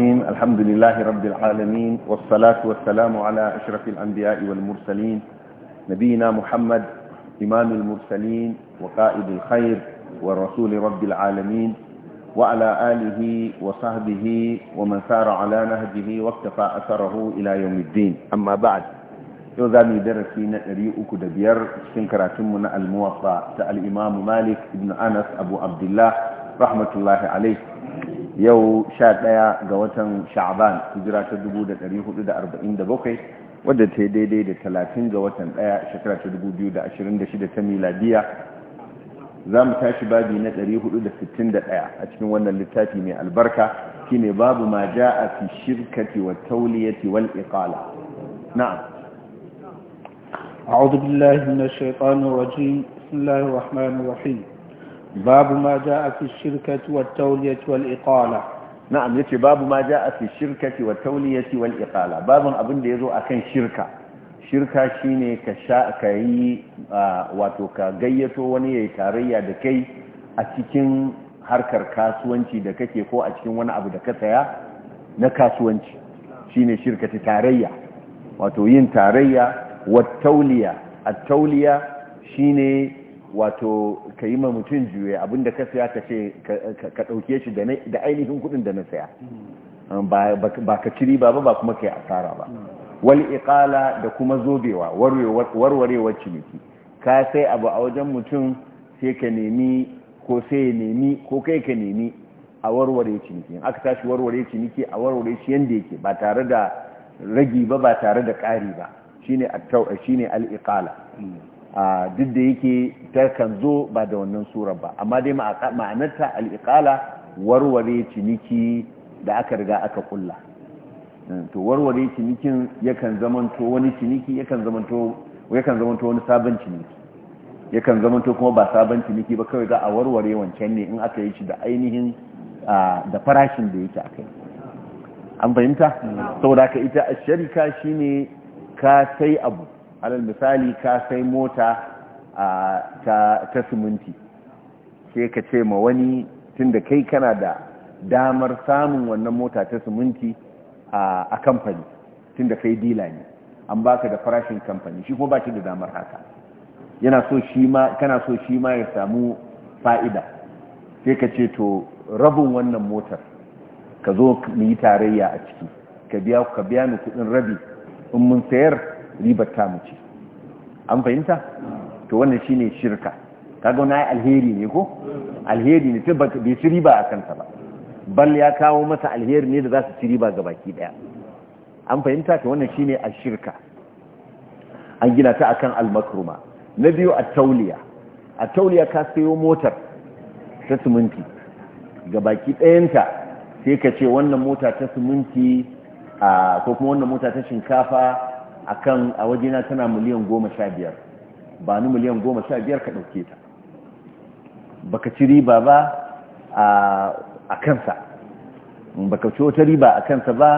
الرحيم الحمد لله رب العالمين والصلاة والسلام على أشرف الأنبياء والمرسلين نبينا محمد إمام المرسلين وقائد الخير ورسول رب العالمين وعلى آله وصحبه ومن سار على نهجه واكتفى أثره إلى يوم الدين أما بعد يوزامي درسينا ريؤك دبير سنكراتمنا الموطأ إمام مالك بن أنس أبو عبد الله رحمة الله عليه yau sha ɗaya ga watan sha'aban hijira ta dubu da ɗari hudu da arba'in da bakwai wadda ta yi daidai da talatin ga watan ɗaya shekara ta dubu biyu da ashirin da shida ta miladiya za mu tashi babi na ɗari hudu da sittin da ɗaya a cikin wannan littafi mai albarka shine babu ma ja a fi shirkati wa tauliyati wal iqala na'am أعوذ بالله من الشيطان الرجيم بسم الله الرحمن الرحيم babu ma ja'a fi shirkati wat tawliyati wal iqala na'am yace babu ma ja'a fi shirkati wat tawliyati wal iqala babun abin da yazo akan shirka shirka shine ka sha ka yi wato ka gayyato wani yayi tarayya da kai a cikin harkar kasuwanci da kake ko a cikin wani abu da ka saya na kasuwanci shine shirkati tarayya wato yin tarayya wa tawliya at tawliya shine wato ka yi ma mutum juye abinda ka saya ka ce ka ɗauke shi da ainihin kudin da na saya hmm. ba ka ciri ba ba kuma ka yi asara ba hmm. wal iqala da kuma zobewa warwarewar ciniki ka sai abu a wajen mutum sai ka nemi ko sai ya nemi ko kai ka nemi a warware ciniki aka tashi warware ciniki a warware shi yadda yake ba tare da ragi ba ba tare da ƙari ba shi ne al-iqala hmm. duk da yake ta kan zo ba da wannan surar ba amma dai ma'anarta al'iƙala warware ciniki da aka riga aka kulla hmm, to warware cinikin yakan zamanto wani ciniki yakan zamanto zamanto wani sabon ciniki yakan zamanto kuma ba sabon ciniki ba kawai za a warware wancan ne in aka yi shi da ainihin da farashin da yake yi an fahimta hmm. saboda ka ita a shi ne ka sai abu alal misali ka sai mota ta siminti sai ka ce ma wani tunda kai kana da damar samun wannan mota ta siminti a kamfani tunda kai dila ne an baka da farashin kamfani shi kuma ba shi da damar haka yana so shi ma kana so shi ma ya samu fa'ida sai ka ce to rabin wannan motar ka zo mu yi tarayya a ciki ka biya ka biya ni kudin rabi in mun sayar ribar ta muce an fahimta to wannan shine shirka kaga wani alheri ne ko alheri ne ta bai ci riba a kanta ba bal ya kawo masa alheri ne da za su ci riba ga baki daya an fahimta ta wannan shine a shirka an gina ta akan almakruma na biyu a tauliya a tauliya ka sayo motar ta siminti ga baki ɗayanta sai ka ce wannan mota ta siminti ko kuma wannan mota ta shinkafa akan a wajena tana miliyan goma sha biyar ba ni miliyan goma sha biyar ka ɗauke ta baka ci riba ba a kansa baka ci wata riba a kansa ba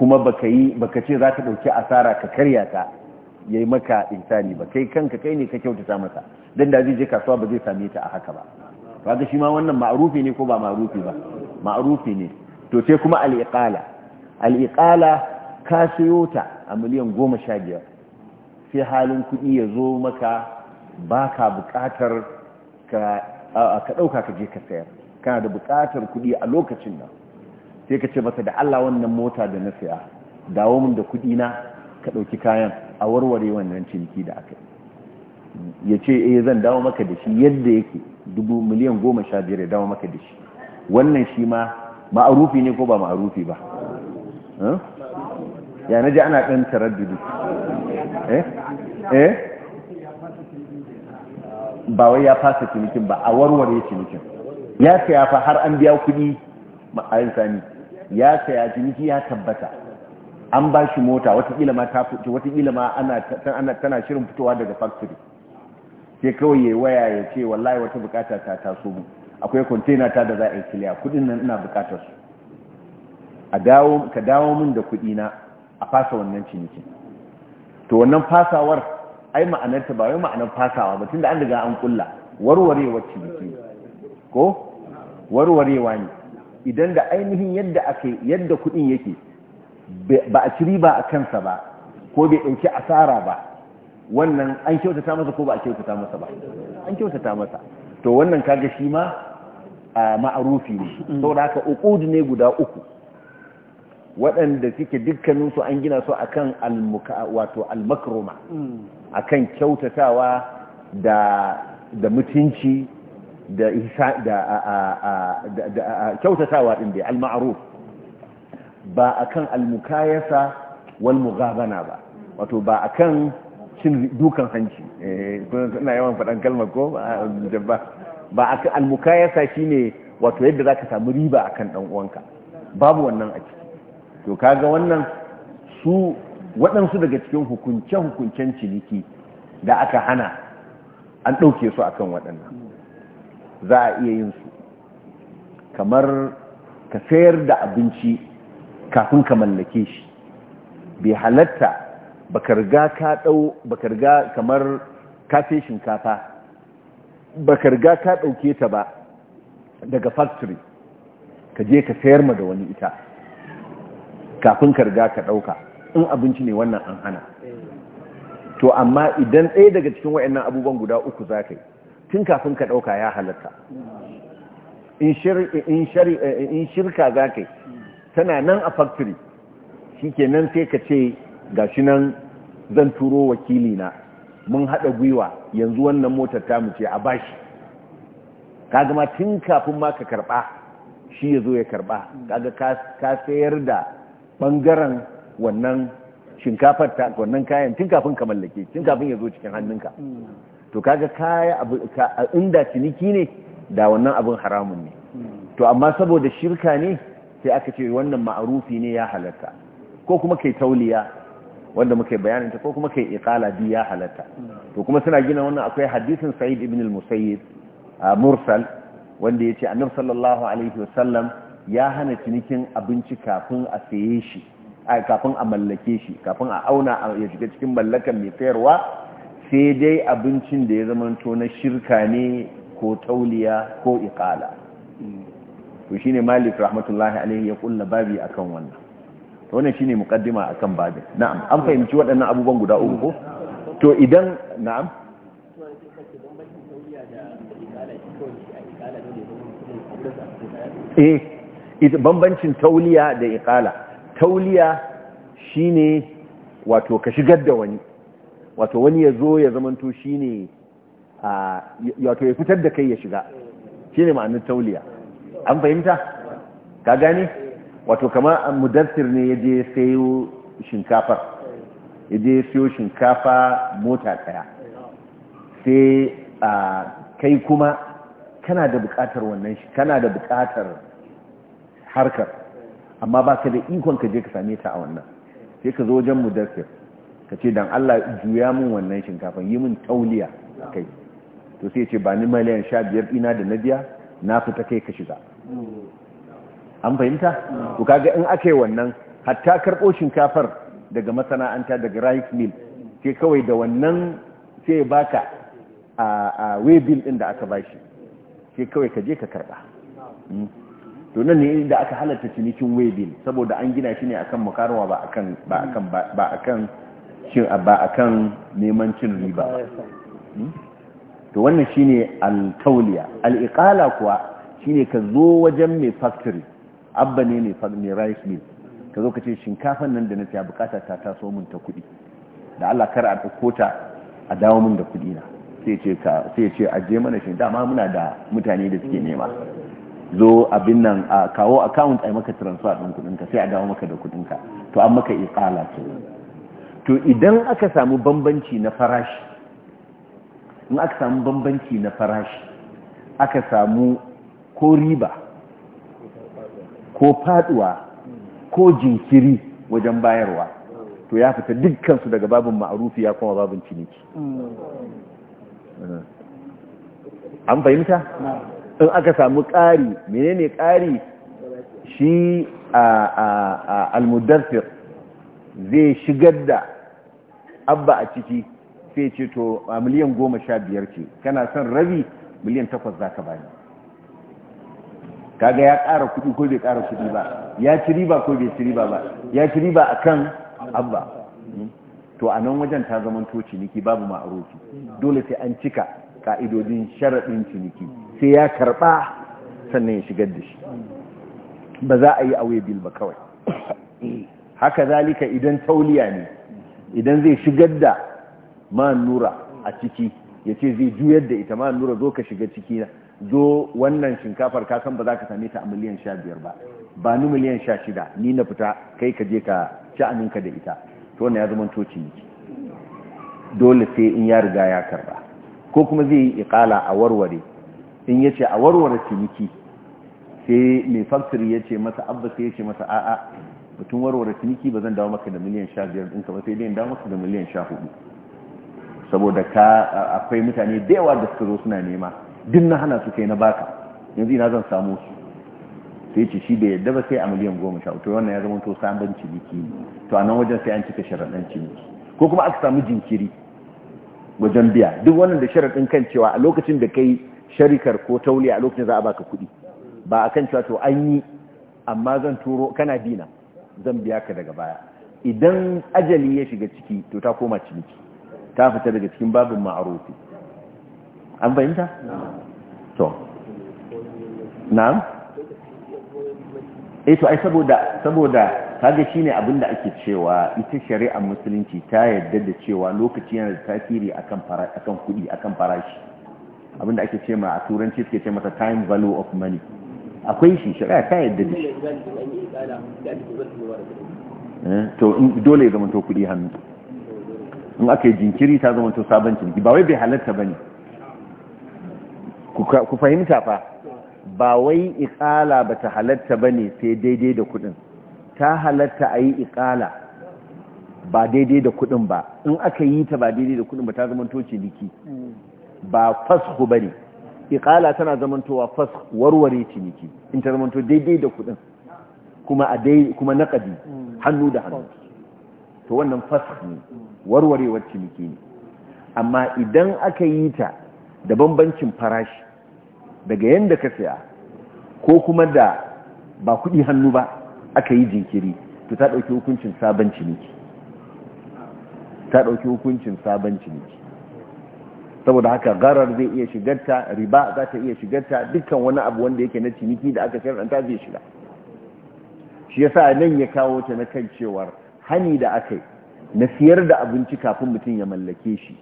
kuma baka yi baka ce za ka ɗauki asara ka karya ta ya yi maka insani ba kai kanka kai ne ka kyautata masa don da zai kasuwa ba zai same ta a haka ba kaga shi ma wannan ma'arufi ne ko ba ma'arufi ba ma'arufi ne to sai kuma al'iƙala. Al'iƙala ka siyo ta a miliyan goma sha biyar sai halin kuɗi ya zo maka ba ka buƙatar ka ɗauka ka je ka sayar kana da buƙatar kuɗi a lokacin nan sai ka ce masa da Allah wannan mota da na saya dawo min da kuɗi na ka ɗauki kayan a warware wannan ciniki da aka ya ce eh zan dawo maka da shi yadda yake dubu miliyan goma sha biyar ya dawo maka da shi wannan shi ma ma'arufi ne ko ba ma'arufi ba ya na ji ana ɗan taraddudu eh? eh ba wai ya fasa cinikin ba a warware cinikin ya saya fa har an biya kuɗi a yin ya saya ciniki ya tabbata an ba shi mota watakila ma ta fito watakila ma tana shirin fitowa daga factory sai kawai ya waya ya ce wallahi wata bukata ta taso mu akwai container ta da za a yi kiliya kudin nan ina bukatar su ka dawo min da kuɗi na a fasa wannan cinikin to wannan fasawar ai ma'anarta ba wai ma'anar fasawa ba tunda an riga an kulla warwarewa ciniki ko warwarewa ne idan da ainihin yadda aka yadda kudin yake ba a ciri ba a kansa ba ko bai ɗauki asara ba wannan an kyautata masa ko ba a kyautata masa ba an kyautata masa to wannan kaga shi ma ma'arufi ne mm. saboda haka uqud ne guda uku waɗanda suke dukkaninsu an gina su akan wato almakroma akan kyautatawa da mutunci da isa da kyautatawa ɗin da al ba akan kan almukayasa walmugabana ba wato ba akan cin dukan hanci eh ina yawan faɗan kalmar ko ba a kan almukayasa shi ne wato yadda za ka samu riba akan kan uwanka babu wannan aiki. to kaga wannan su waɗansu daga cikin hukunce-hukuncen ciniki da aka hana an ɗauke su akan waɗannan za a iya yin su kamar ka sayar da abinci kafin ka mallake shi bai halatta ba ka ɗau riga kamar kafe shinkafa bakarga riga ka ɗauke ta ba daga factory ka je ka sayar ma da wani ita kafin karga ka ɗauka in abinci ne wannan an hana to amma idan ɗaya daga cikin wa'annan abubuwan guda uku za ka yi tun kafin ka ɗauka ya halatta in shirka za ka yi tana nan a factory shi ke nan sai ka ce ga shi nan zan turo wakili na mun haɗa gwiwa yanzu wannan motar ta ce a bashi ka gama tun kafin ma ka karɓa shi ya zo ya karɓa kaga ka sayar da bangaren wannan shinkafar ta wannan kayan tun kafin ka mallake tun kafin ya zo cikin hannunka to kaga kaya abu inda ciniki ne da wannan abin haramun ne to amma saboda shirka ne sai aka ce wannan ma'arufi ne ya halatta ko kuma kai tauliya wanda muke bayanin ta ko kuma kai iqala bi ya halatta to kuma suna gina wannan akwai hadisin Sa'id ibn al-Musayyib mursal wanda yace Annabi sallallahu alaihi wasallam ya hana cinikin abinci kafin a saye shi kafin a mallake shi kafin a auna ya shiga cikin mallakan mai sayarwa sai dai abincin da ya zama na shirka ne ko tauliya ko ikala to shine malik rahmatullahi alaihi ya kulla babi akan wannan to wannan shine a akan babin na'am an fahimci waɗannan abubuwan guda uku ko to idan na'am eh bambancin tauliya da ikala tauliya shine wato ka shigar da wani wato wani ya zo ya zamanto shine wato ya fitar da kai ya shiga shine ma'anin tauliya an fahimta ka gane wato kama mudassir ne ya je sayo shinkafar ya je sayo shinkafa mota daya sai kai kuma kana da bukatar wannan shi kana da bukatar harkar amma ba ka da ikon ka je ka same ta a wannan sai ka zo wajen mudassir ka ce dan Allah juya mun wannan shinkafa yi min tauliya kai to sai ce ba ni miliyan sha biyar ina da na biya na fita kai ka shiga an fahimta to kaga in aka yi wannan hatta karɓo shinkafar daga masana'anta daga rice mill sai kawai da wannan sai baka a waybill din da aka bashi sai kawai ka je ka karɓa hmm. to nan ne da aka halarta cinikin wedding saboda an gina shi ne akan makarawa ba akan ba akan ba akan shin ba akan neman cin riba hmm? to wannan shine al-tawliya al-iqala kuwa shine ka zo wajen mai factory abba ne mai mai rice mill ka zo ka ce shinkafan nan da na siya bukata ta taso min ta kuɗi da Allah kar a dauko ta a dawo min da kuɗi na sai ce ka sai ce aje mana shin dama muna da mutane da suke nema zo abin nan a kawo account ai maka transfer din kudin ka sai a dawo maka da kudin ka to an maka iqala ce to idan aka samu bambanci na farashi in aka samu bambanci na farashi aka samu ko riba ko faduwa ko jinkiri wajen bayarwa to ya fita dukkan su daga babin ma'arufi ya kuma babin ciniki mm. an fahimta? in aka samu ƙari menene ƙari shi a almudarfir zai shigar da abba a ciki sai ce to a miliyan goma sha biyar ce kana son rabi miliyan takwas za ka bani kaga ya ƙara kuɗi ko bai ƙara kudi ba ya ci riba ko bai ci riba ba ya ci riba a kan abba to a nan wajen ta zama to ciniki babu ma'arufi dole sai an cika ka'idodin sharaɗin ciniki sai ya karba sannan ya shigar da shi ba za a yi awe bil ba kawai haka zalika idan tauliya ne idan zai shigar da ma'an nura a ciki ya ce zai juyar da ita manura nura zo ka shiga ciki na zo wannan shinkafar kasan ba za ka same ta a miliyan sha biyar ba ba ni miliyan sha shida ni na fita kai ka je ka ci sha'aninka da ita to wannan ya zama toci ne dole sai in ya riga ya karba ko kuma zai yi ikala a warware in yace a warware ciniki sai mai factory yace masa abba sai yace masa a'a mutum warware ciniki ba zan dawo maka da miliyan 15 ɗinka ba sai dai dawo maka da miliyan 14 saboda ka akwai mutane da yawa da suka zo suna nema duk na hana su kai na baka yanzu ina zan samu su sai ce shi bai yadda ba sai a miliyan 10 to wannan ya zama to sabon ciniki to a nan wajen sai an cika sharaɗan ciniki ko kuma aka samu jinkiri wajen biya duk wannan da sharaɗin kan cewa a lokacin da kai sharikar ko tauli a lokacin za a baka kuɗi ba a kan cewa to an yi amma zan turo kana dina zan biya ka daga baya idan ajali ya shiga ciki to ta koma ciniki ta fita daga cikin babin ma'arufi an bayyanta? to na'am? eh to ai saboda saboda kaga shine abin da ake cewa ita shari'ar musulunci ta yarda da cewa lokaci yana da tasiri akan akan kuɗi akan farashi abinda ake ce ma a turanci suke ce masa time value of money akwai shi shari'a ta yadda da shi eh, to dole ya zama to kuɗi hannu in aka yi jinkiri ta zama to sabon ciniki ba wai bai halatta ba ne ku fahimta fa ba wai ikala ba ta halatta ba ne sai daidai da kuɗin ta halatta a yi ikala ba daidai da kuɗin ba in aka yi ta ba daidai da kuɗin ba ta zama to ciniki ba ba bane iƙala tana zamantowa fasku warware ciniki in ta zamanto daidai da kudin kuma a dai kuma hannu da hannu to wannan fasku ne warwarewar ciniki ne amma idan aka yi ta da bambancin farashi daga yanda ka saya ko kuma da ba kuɗi hannu ba aka yi jinkiri to ta ɗauki hukuncin sabon ciniki ta ɗauki hukuncin sabon ciniki saboda haka garar zai iya shigarta riba za ta iya shigarta dukkan wani abu wanda yake na ciniki da aka shar'anta zai shiga shi yasa nan ya kawo ta na kan cewar hani da aka yi na siyar da abinci kafin mutum ya mallake shi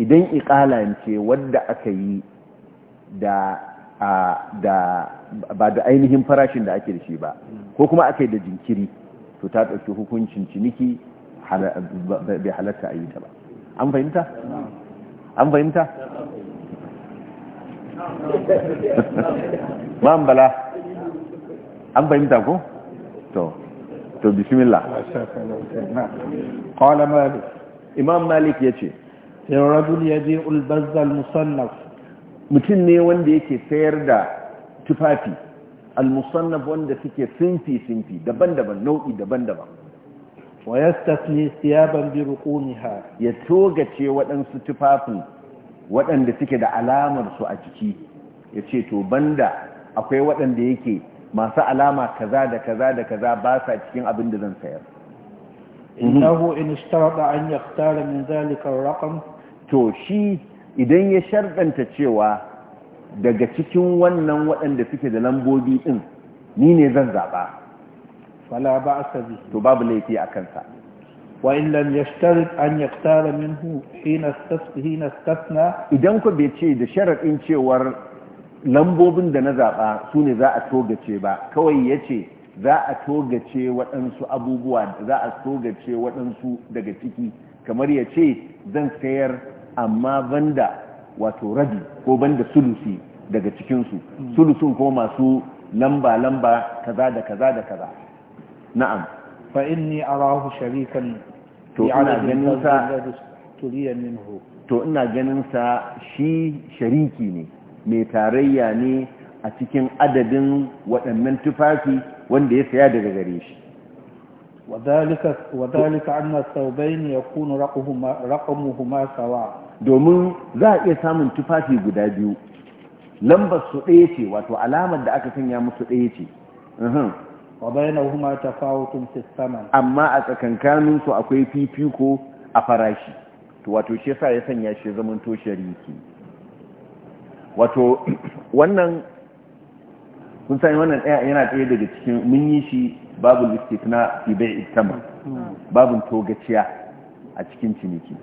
idan ikalance wanda wadda aka yi ba da ainihin farashin da ake da shi ba ko kuma aka yi da jinkiri to ta ɗauki hukuncin ciniki bai halatta a yi ta ba an fahimta an fahimta ma'am bala an fahimta ko to to bismillah qala malik imam malik ya ce. rajul yaji al-bazz al-musannaf mutum ne wanda yake sayar da tufafi al-musannaf wanda suke sinfi sinfi daban-daban nau'i daban-daban wa yastasni siyaban bi ruqumiha ya togace waɗansu tufafin waɗanda suke da alamar su a ciki yace to banda akwai waɗanda yake masu alama kaza da kaza da kaza ba sa cikin abin da zan sayar mhm. innahu in ishtarata an yaktara min zalika raqam to shi idan ya sharɗanta cewa daga cikin wannan waɗanda suke da lambobi din ni ne zan zaɓa fala ba'sa bi to babu laifi a kansa wa in lam yashtarit an yaktara minhu hina hina istasna idan ku bai ce da sharadin cewar lambobin da na zaba su ne za a togace ba kawai yace za a togace waɗansu abubuwa za a togace waɗansu daga ciki kamar ya ce zan sayar amma banda wato rabi ko banda sulusi daga cikinsu hmm. sulusun ko masu lamba-lamba kaza da kaza da kaza na'am fa inni arahu sharikan to ina ganin sa to ina ganin sa shi shariki ne mai tarayya ne a cikin adadin waɗannan tufafi wanda ya saya daga gare shi wadhalika wadhalika anna thawbayn yakunu raqmuhuma raqmuhuma sawa domin za a iya samun tufafi guda biyu lambar su ɗaya ce wato alamar da aka sanya musu ɗaya ce وبينهما تفاوت في الثمن اما amma a سو su akwai fifiko a farashi to wato shi yasa ya sanya shi واتو wato wannan kun sani wannan daya yana ɗaya daga cikin mun yi shi babu istithna fi bai'i thaman hmm. babu togaciya a cikin ciniki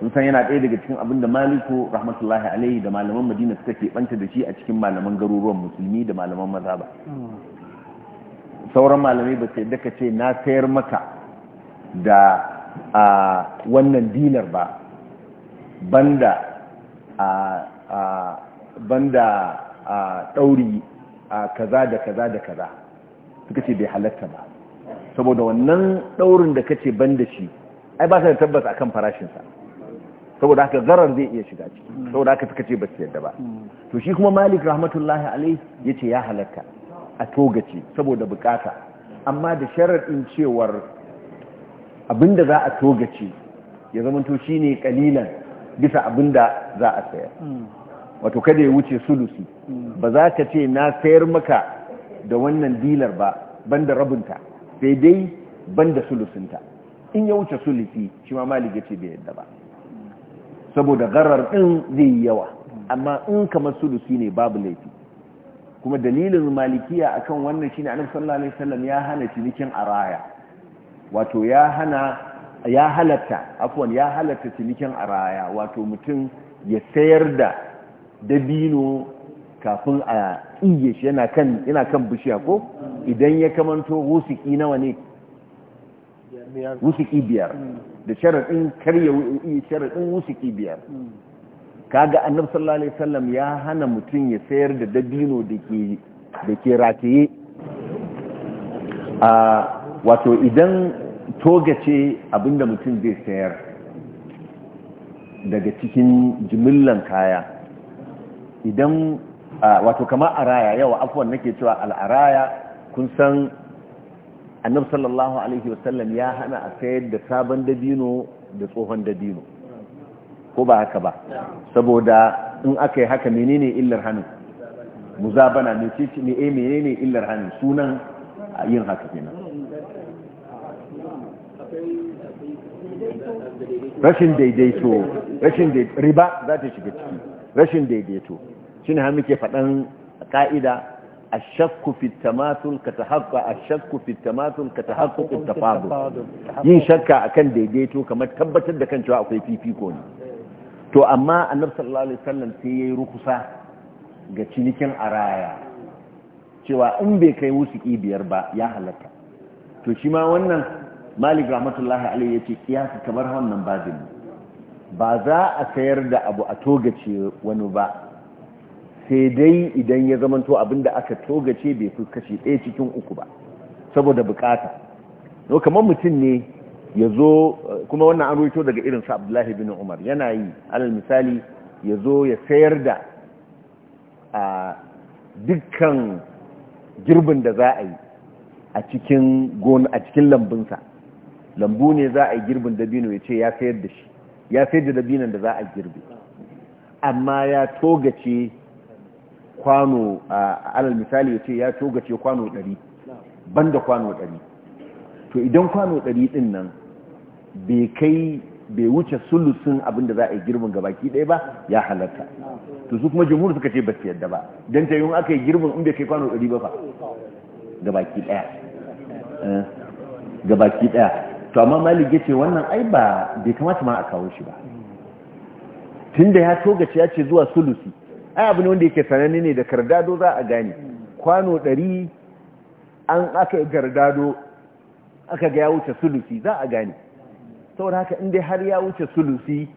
sun san yana ɗaya daga cikin abinda da maliku rahmatullahi alaihi da malaman madina suka ke banta da shi a cikin malaman garuruwan musulmi da malaman mazhaba hmm. sauran malamai ba sai daga ce na sayar maka da a wannan dinar ba banda a banda a ɗauri a kaza da kaza da kaza suka ce bai halatta ba saboda wannan ɗaurin da kace banda shi ai ba sa da tabbas akan farashinsa saboda haka zarar zai iya shiga ciki saboda haka suka ce ba su yadda ba hmm. to shi kuma malik rahmatullahi alaihi ya ce ya halatta a togace saboda bukata amma da sharaɗin cewar abinda za a togace ya zamanto shi ne kalilan bisa abinda za a sayar hmm. wato kada ya wuce sulusi hmm. ba za ka ce na sayar maka da wannan dilar ba banda rabinta sai dai banda sulusinta in ya wuce sulusi shi ma maliga ce bai yadda ba saboda garar ɗin zai yi yawa hmm. amma in kamar sulusi ne babu laifi kuma dalilin malikiya akan wannan shine annabi sallallahu alaihi wasallam ya hana cinikin araya wato ya hana ya halatta afwan ya halatta cinikin araya wato mutum ya sayar da dabino kafin a iye shi yana kan yana kan bishiya ko idan ya kamanto wusiki nawa ne wusiki biyar hmm. da sharadin karya wusiki biyar hmm. kaga annabi sallallahu alaihi wasallam ya hana mutum ya sayar da dabino dake dake rataye a wato idan toga ce abinda mutum zai sayar daga cikin jimillan kaya idan wato kama araya yawa afuwan nake cewa al'araya kun san annabi sallallahu alaihi wasallam ya hana a sayar da sabon dabino da tsohon dabino ko ba haka ba saboda in aka yi haka menene illar hannun muzabana ne eh menene illar hannun sunan yin haka kenan rashin daidaito rashin riba za ta shiga ciki rashin daidaito shine har muke faɗan ka'ida الشك في التماثل كتحقق الشك في التماثل كتحقق التفاضل yin shakka akan daidaito kamar tabbatar da kan cewa akwai fifiko ne to amma annabi sallallahu alaihi wasallam sai yayi rukusa ga cinikin araya cewa in bai kai wusuki biyar ba ya halatta to shi ma wannan malik rahmatullahi alaihi yace kiyasi kamar wannan babin ba za a sayar da abu a togace wani ba sai dai idan ya zamanto abinda aka togace bai fi ɗaya cikin uku ba saboda bukata no kamar mutum ne ya zo kuma wannan an ruwaito daga irin sa abdullahi bin umar yana yi alal misali ya zo ya sayar da a dukkan girbin da za a yi a cikin gona a cikin lambunsa lambu ne za a yi girbin dabino ya ce ya sayar da shi ya sayar da dabinan da za a girbe amma ya togace kwano alal misali ya ce ya togace kwano 100 banda kwano 100 to idan kwano ɗari ɗin nan bai kai bai wuce sulusun abin da za a yi girbin ga baki ɗaya ba ya halatta to su kuma jimuru suka ce ba su yadda ba don ta yiwu aka yi girbin in bai kai kwano ɗari ba fa ga baki ɗaya eh, ga baki ɗaya to amma malik ya ce wannan ai ba bai kamata ma a kawo shi ba tun da ya togace ya ce zuwa sulusi ai abu ne wanda yake sananne ne da kardado za a gane kwano ɗari an aka gardado aka ga ya wuce sulusi za a gane saboda haka in dai har ya wuce sulusi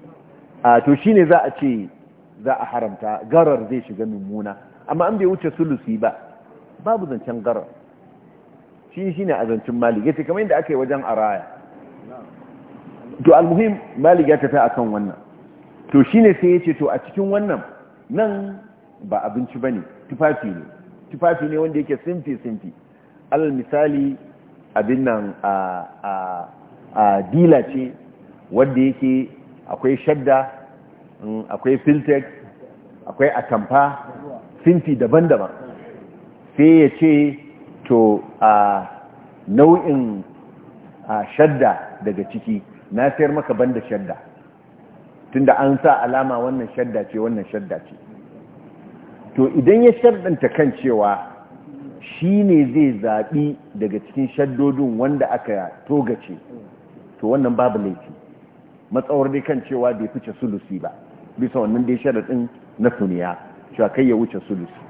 a to shine za a ce za a haramta garar zai shiga mummuna amma an bai wuce sulusi ba babu zancen garar shi a azancin malik ce kamar yadda aka yi wajen araya to almuhim malik ya tafi akan wannan to shi ne sai yace to a cikin wannan nan ba abinci ba ne tufafi ne tufafi ne wanda yake simfi-simfi alal misali abin nan a dila ce wadda yake akwai shadda mm, akwai filtex akwai atamfa finti daban-daban sai ya ce to a nau'in shadda daga ciki na sayar maka banda shadda tunda an sa alama wannan shadda ce wannan shadda ce to idan ya shaddanta kan cewa shi ne zai zaɓi daga cikin shaddodin wanda aka togace to wannan babu laifi matsawar dai kan cewa bai fice sulusi ba bisa wannan dai sharaɗin na suniya cewa kai ya wuce sulusi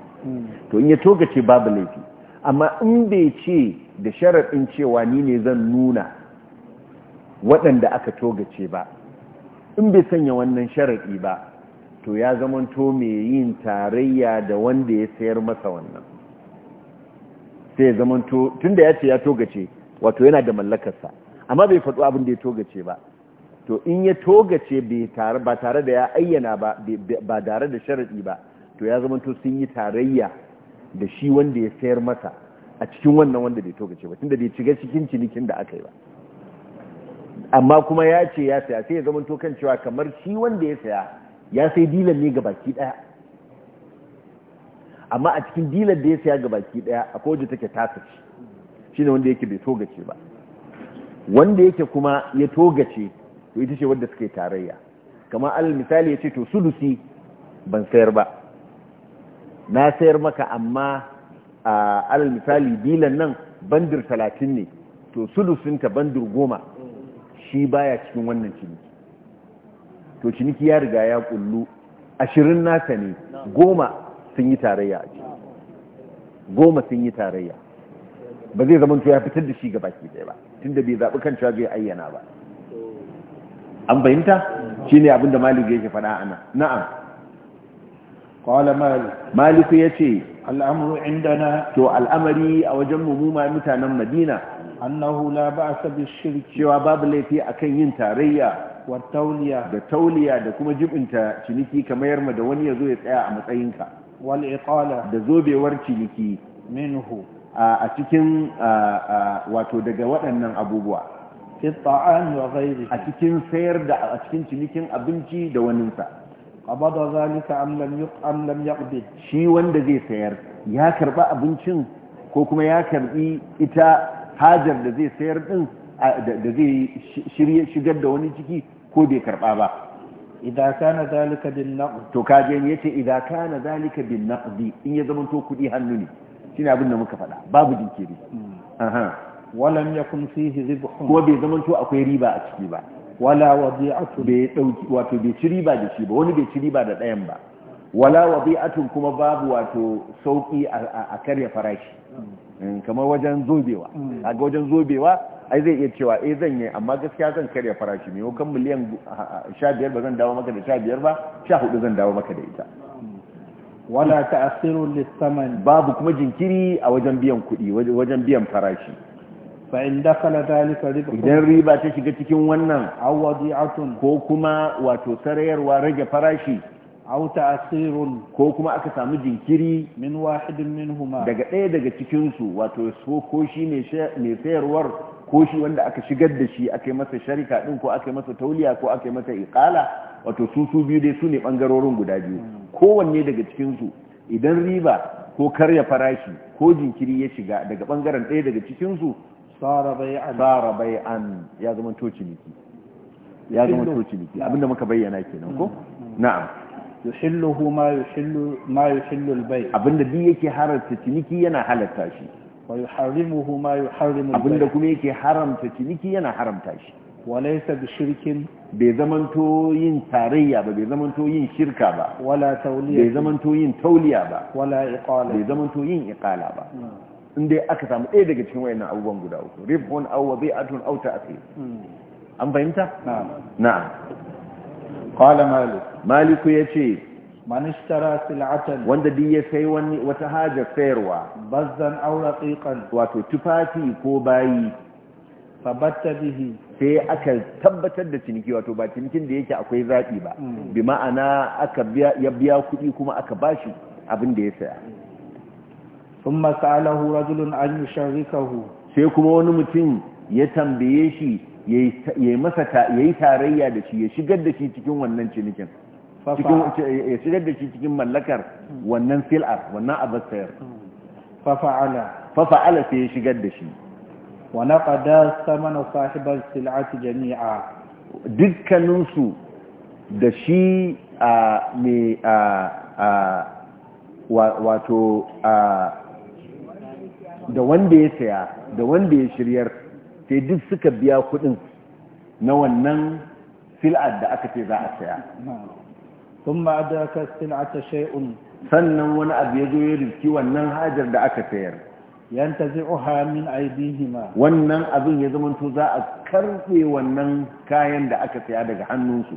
to in ya togace babu laifi amma in bai ce da sharaɗin cewa ni ne zan nuna waɗanda aka togace ba in bai sanya wannan sharaɗi ba to ya zamanto mai yin tarayya da wanda ya sayar masa wannan sai ya zama tun da ya ce ya togace wato yana da mallakarsa amma bai faɗo abin da ya togace ba to in ya togace ba tare da ya ayyana ba ba tare da sharaɗi ba to ya zama to sun yi tarayya da shi wanda ya sayar masa a cikin wannan wanda bai togace ba tunda bai shiga cikin cinikin da aka yi ba amma kuma ya ce ya saya sai ya zama to kan cewa kamar shi wanda ya saya ya sai dilan ne ga baki ɗaya amma a cikin dilar da ya siya ga baki daya a kowace take tasa ce shi ne wanda yake bai togace ba wanda yake kuma ya togace to ita ce wadda suke tarayya kamar alal misali ya ce to sulusi ban sayar ba na sayar maka amma a alal misali dilan nan bandir talatin ne to ta bandir goma shi baya cikin wannan ciniki to ciniki ya riga ya kullu ashirin nasa ne goma sun yi tarayya a ciki goma sun yi tarayya ba zai zama ya fitar da shi ga baki zai ba tun da bai zaɓi kan cewa zai ayyana ba an bayinta shi ne abinda maliku yake faɗa ana na'am ƙwala maliku ya ce al'amuru indana to al'amari a wajen mummuma mutanen madina annahu la ba a sabi babu laifi a kan yin tarayya wa tauliya da tauliya da kuma jibinta ciniki kamar yarma da wani ya zo ya tsaya a matsayinka wal iqala da zobewar ciniki minhu a cikin wato daga waɗannan abubuwa fi ta'am wa ghairi a cikin sayar da a cikin cinikin abinci da waninsa qabada zalika am lam yuqam lam shi wanda zai sayar ya karba abincin ko kuma ya karbi ita hajar da zai sayar din da zai shigar da wani ciki ko bai karba ba idza kana zalika bin naqd to kaje ne yace idza kana zalika bin naqd in ya zama to kudi hannu ne shine abin da muka faɗa babu jinkiri hmm. aha walam yakun fihi ribhun ko bai zama to akwai riba a ciki ba wala wadi'atu bai dauki wato bai ci riba da shi ba wani bai ci riba da ɗayan ba wala atun kuma babu wato sauki a karya farashi mm, kamar wajen zobewa mm. a wajen zobewa ai zai iya cewa eh zan yi amma gaskiya zan karya farashi mai kan miliyan 15 ba zan dawo maka da 15 ba 14 zan dawo maka da ita wala ta'assirun lisaman babu kuma jinkiri a wajen biyan kuɗi wajen biyan farashi fa in dakala dalika riba idan riba ta shiga cikin wannan awadi'atun ko kuma wato sarayarwa rage farashi aw ta'sirun ko kuma aka samu jinkiri min wahidin minhuma daga ɗaya daga cikin su wato so ko shi mai sayarwar ko shi wanda aka shigar da shi aka yi masa sharika din ko aka yi masa tauliya ko aka yi masa iqala wato su su biyu dai su ne bangarorin guda biyu kowanne daga cikin su idan riba ko karya farashi ko jinkiri ya shiga daga bangaren ɗaya daga cikin su sara bai'an ya zama to ciniki ya zama to ciniki abinda muka bayyana kenan ko mm, mm. na'am yuhilluhu ma yuhillu ma yuhillu bay abinda duk yake haramta ciniki yana halatta shi wa yuharrimuhu ma yuharrimu al-bay abinda kuma yake haramta ciniki yana haramta shi walaisa da shirkin bai zamanto yin tarayya ba bai zamanto yin shirka ba wala tauliya bai zamanto yin tauliya ba wala iqala bai zamanto yin iqala ba hmm. inda aka samu ɗaya daga cikin wayannan abubuwan guda uku ribhun aw wadi'atun aw ta'khir hmm. an fahimta na'am na'am qala malik maliku yace man ishtara sil'atan wanda duk ya sai wani wata haja sayarwa Bazan aura raqiqan wato tufafi ko bayi fabatta bihi sai aka tabbatar da ciniki wato ba cinikin da yake akwai zaɓi ba hmm. bi ma'ana aka ya biya kuɗi kuma aka bashi abin da ya saya thumma sa'alahu rajulun an yusharrikahu sai kuma wani mutum ya tambaye shi ya yi tarayya da shi ya shigar da shi cikin wannan cinikin ya shigar da shi cikin mallakar wannan fil'ar wannan abar sayar fafa'ala sai ya shigar da shi wa naqada samana sahibar sil'ati jami'a dukkaninsu da shi a mai a wato da wanda ya saya da wanda ya shiryar sai duk suka biya kudin na wannan sil'ar da aka ce za a saya sun da aka sil'ata shay'un sannan wani abu ya zo ya rufi wannan hajar da aka sayar yanta zai'uha min aidihima wannan abin ya zamanto za a karfe wannan kayan da aka saya daga hannunsu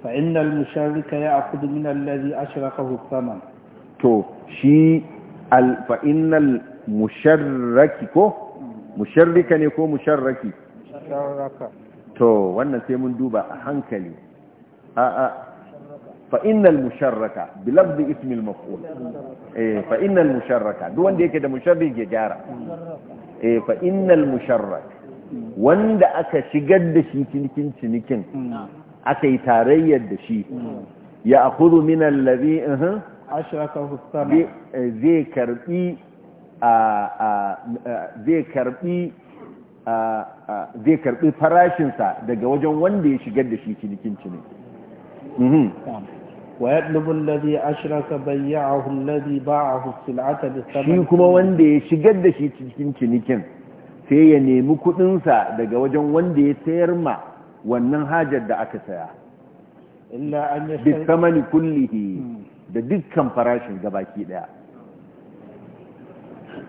فإن المشارك يأخذ من الذي أشركه الثمن To, shi, ال... فإن musharraki ko? musharrika ne ko musharraki to wannan sai mun duba a hankali a a fa musharraka bi lafzi ismi al maf'ul eh fa musharraka duk wanda yake da musharrik ya gyara eh fa innal musharrak wanda aka shigar da shi cikin cinikin mm. aka yi tarayyar da shi mm. ya akhudhu min uh-huh, allazi eh zai karbi zai karbi farashinsa daga wajen wanda ya shigar da shi cinikin cini ويطلب الذي أشرك بيعه الذي باعه السلعة بالثمن shi kuma wanda ya shigar da shi cikin cinikin sai ya nemi kuɗinsa daga wajen wanda ya sayar ma wannan hajar da aka saya illa an kullihi hmm. da dukkan farashin gabaki daya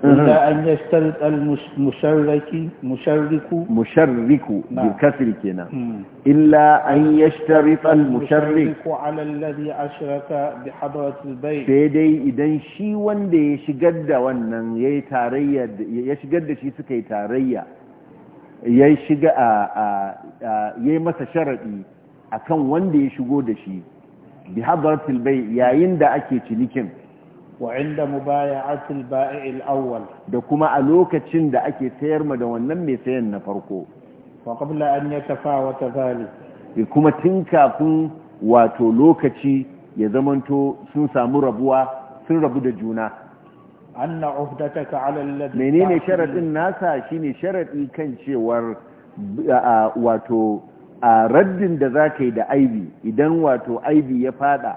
Inda an ya sarƙar musharriku? Musharriku, kasri kenan. Illa an ya sarƙar musharriku alalladi a shirata da Sai dai idan shi wanda ya shigar da wannan ya shigar da shi suka yi tarayya, ya masa sharaɗi akan wanda ya shigo da shi, da hadarar yayin da ake cinikin. mu baya mubaya'atul bail awwal da kuma a lokacin da ake sayar ma da wannan mai sayan na farko wa qabla an yatafawata zalik kuma tun kafin wato lokaci ya zamanto sun samu rabuwa sun rabu da juna anna uhdatuka ala alladhi menene sharadin nasa shine sharadi kan cewar wato raddin da ka yi da aibi idan wato aibi ya fada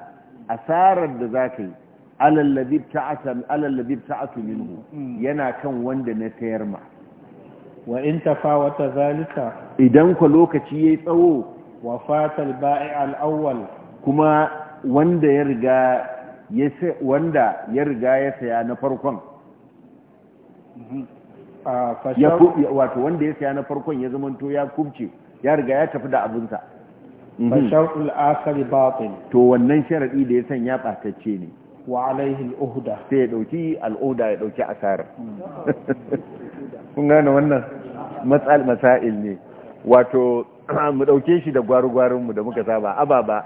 asarar da ka yi alalladhi ta'atu minhu mm. yana kan wanda na sayar ma wa in tafawata zalika idan ku lokaci yayi tsawo wa fatal ba'i al-awwal kuma wanda ya riga ya wanda ya riga ya saya na farkon mm-hmm. ya wato wanda ya saya na farkon ya zamanto ya kubce ya riga ya tafi da abinsa fa mm-hmm. shar'ul akhir batil to wannan sharadi da ya sanya batacce ne wa alaihi al'uhuda sai ya dauki al'uhuda ya dauki asarar. kun gane wannan matsal masail ne wato mu dauke shi da gwaru mu da muka saba ababa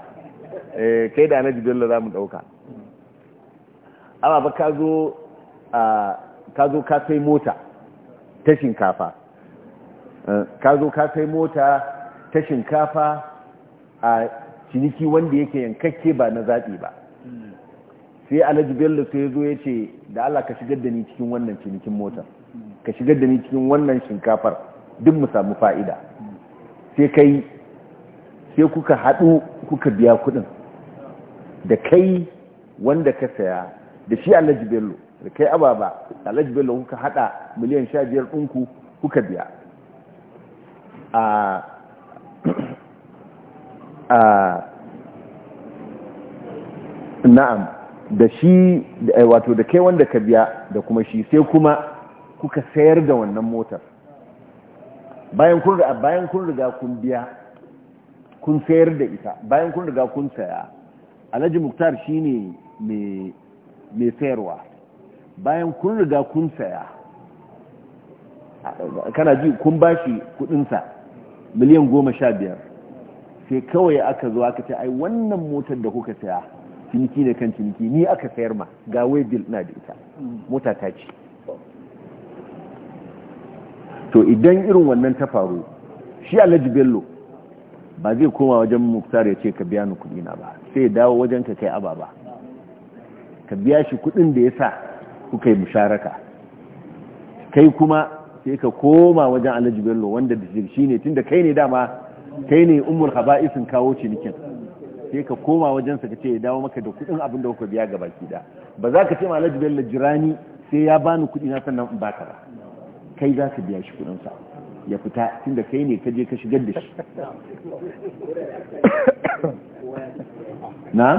eh, kai da Annabi Bello za mu dauka ababa ka zo ka zo ka sai mota ta shinkafa eh, ka zo ka sai mota ta shinkafa a ciniki wanda yake yankakke ba na zaɓi ba sai alhaji bello sai zo ya ce da allah ka shigar da ni cikin wannan cinikin motar ka shigar da ni cikin wannan shinkafar duk mu samu fa'ida sai kai sai kuka haɗu kuka biya kuɗin da kai wanda ka saya da shi alhaji bello da kai ababa alhaji bello kuka haɗa miliyan sha biyar ɗinku kuka biya a na'am da shi eh, wato da kai wanda ka biya da kuma shi sai kuma kuka sayar da wannan motar bayan kun riga kun biya kun sayar da ita bayan kun riga kun saya alhaji muktar shine mai mai sayarwa bayan kun riga kun saya kana ji kun bashi kudinsa miliyan goma sha biyar sai kawai aka zo aka ce ai wannan motar da kuka saya ciniki da kan ciniki ni aka sayar ma ga bil na da ita mota ta ce to idan irin wannan ta faru shi alhaji bello ba zai koma wajen muktar ya ce ka biya ni kuɗi na ba sai ya dawo wajen ka kai ababa ka biya shi kuɗin da ya sa kuka yi musharaka kai kuma sai ka koma wajen alhaji bello wanda da shi ne tunda kai ne dama kai ne umar haba'isin kawo cinikin sai ka koma wajensa ka ce ya dawo maka da kudin abin da kuka biya ga baki da ba za ka ce ma alhaji bello jirani sai ya bani kudi na sannan in baka ba kai za ka biya shi kudin sa ya fita tunda kai ne ka je ka shigar da shi na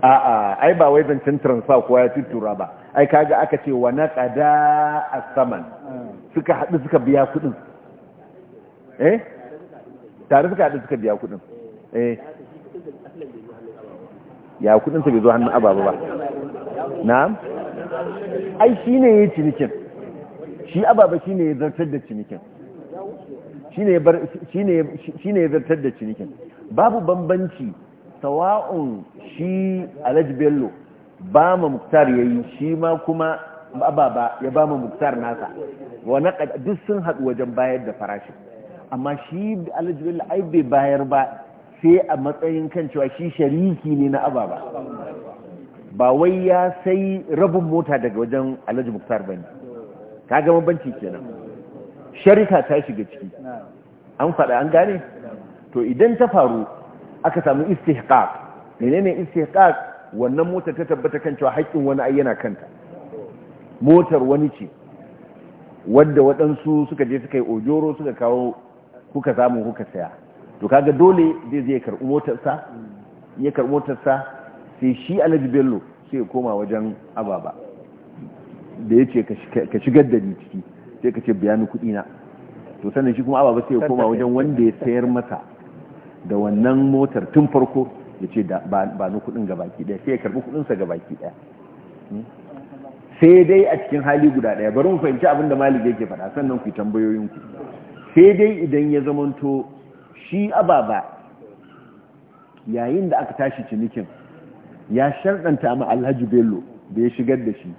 a a ai ba wai zancen transfer ko ya tuttura ba ai kaga aka ce wa naqada as-saman suka hadu suka biya kudin eh tare suka hadu suka biya kudin eh ya kudinsa bai zo hannun ababa ba na'am ai shine ne cinikin shi ababa shi ya zartar da cinikin shi ne ya zartar da cinikin babu bambanci sawa'un shi alhaji bello ba ma muktar ya shi ma kuma ababa ya ba ma muktar nasa wani duk sun haɗu wajen bayar da farashi amma shi alhaji bello ai bai bayar ba sai a matsayin kan cewa shi shariki ne na ababa ba wai ya sai rabin mota daga wajen alhaji muktar bane ka ga mabanci kenan sharika ta shiga ciki an faɗa an gane to idan ta faru aka samu istihqaq menene istihqaq wannan motar ta tabbata kan cewa haƙƙin wani ayyana kanta motar wani ce wanda waɗansu suka je suka yi ojoro suka kawo kuka samu kuka saya to kaga dole zai zai karɓi motarsa ya karɓi motarsa sai shi alhaji bello sai ya koma wajen ababa da ya ce ka shigar da ni ciki sai ka ce bayani kuɗi na to sannan shi kuma ababa sai ya koma wajen wanda ya sayar masa da wannan motar tun farko ya ce ba nu kuɗin ga baki ɗaya sai ya karɓi kuɗinsa ga baki ɗaya hmm? sai dai a cikin hali guda ɗaya bari mu fahimci abin da malik yake faɗa sannan ku tambayoyin ku sai dai idan ya zamanto shi ababa yayin da aka tashi cinikin ya sharɗanta ma alhaji bello da ya shigar da shi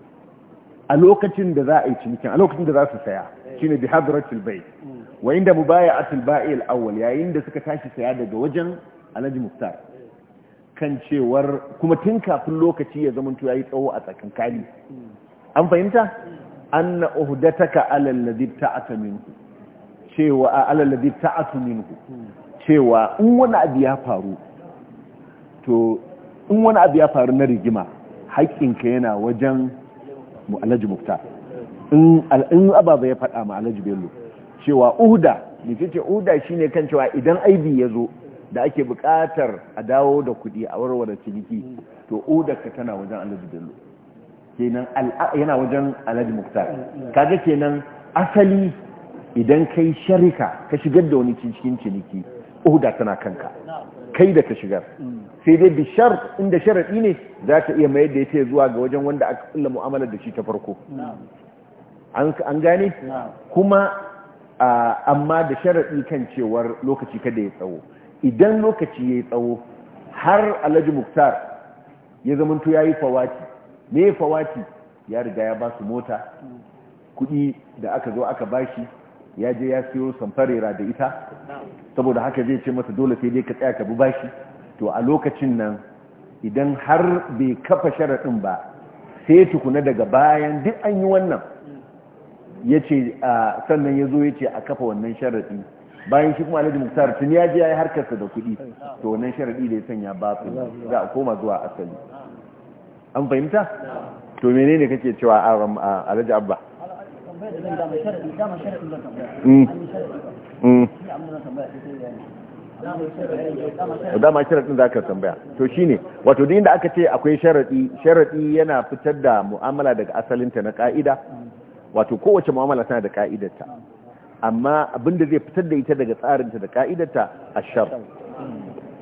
a lokacin da za a yi cinikin a lokacin da za su saya shi ne bihadratul bai wa inda mu baya atul ba'il awwal yayin da suka tashi saya daga wajen alhaji muftar kan cewar kuma tun kafin lokaci ya zama to yayi tsawo a kali, an fahimta anna uhdatuka alal ladhi ta'ata minhu cewa a alalabi ta'atu ku cewa in wani abu ya faru to in wani abu ya faru na rigima haƙƙinka yana wajen mu'alaji mufta in ababa ya faɗa mu'alaji bello cewa uhuda ce uhuda shine kan cewa idan aibi ya zo da ake buƙatar a dawo da kuɗi a warware ciniki to uhuda ka tana wajen alaji bello kenan yana wajen alaji mufta kaga kenan asali idan kai sharika ka shigar da wani cikin ciniki uhuda tana kanka kai da ka shigar sai dai bi shar inda sharaɗi ne za ta iya mayar da ya zuwa ga wajen wanda aka kulla mu'amalar da shi ta farko an gane kuma amma da sharaɗi kan cewar lokaci kada ya tsawo idan lokaci ya yi tsawo har alhaji muktar ya zamanto ya yi fawati me fawati ya riga ya ba su mota kuɗi da aka zo aka bashi ya je ya siyo samfarera da ita saboda haka zai ce masa dole sai dai ka tsaya ka bi bashi to a lokacin nan idan har bai kafa sharaɗin ba sai tukuna daga bayan duk an yi wannan ya ce sannan ya zo ya ce a kafa wannan sharaɗi bayan shi kuma alhaji muktar tun ya je ya yi harkarsa da kuɗi to wannan sharaɗi da ya sanya ba su za a koma zuwa asali an fahimta to menene kake cewa a alhaji abba Mm. Mm. dama sharaɗin za ka tambaya to shine wato duk inda aka ce akwai sharaɗi sharaɗi yana fitar da mu'amala daga asalinta na ƙa'ida wato kowace mu'amala tana da ƙa'idarta amma abinda zai fitar da ita daga tsarinta da ƙa'idarta a shar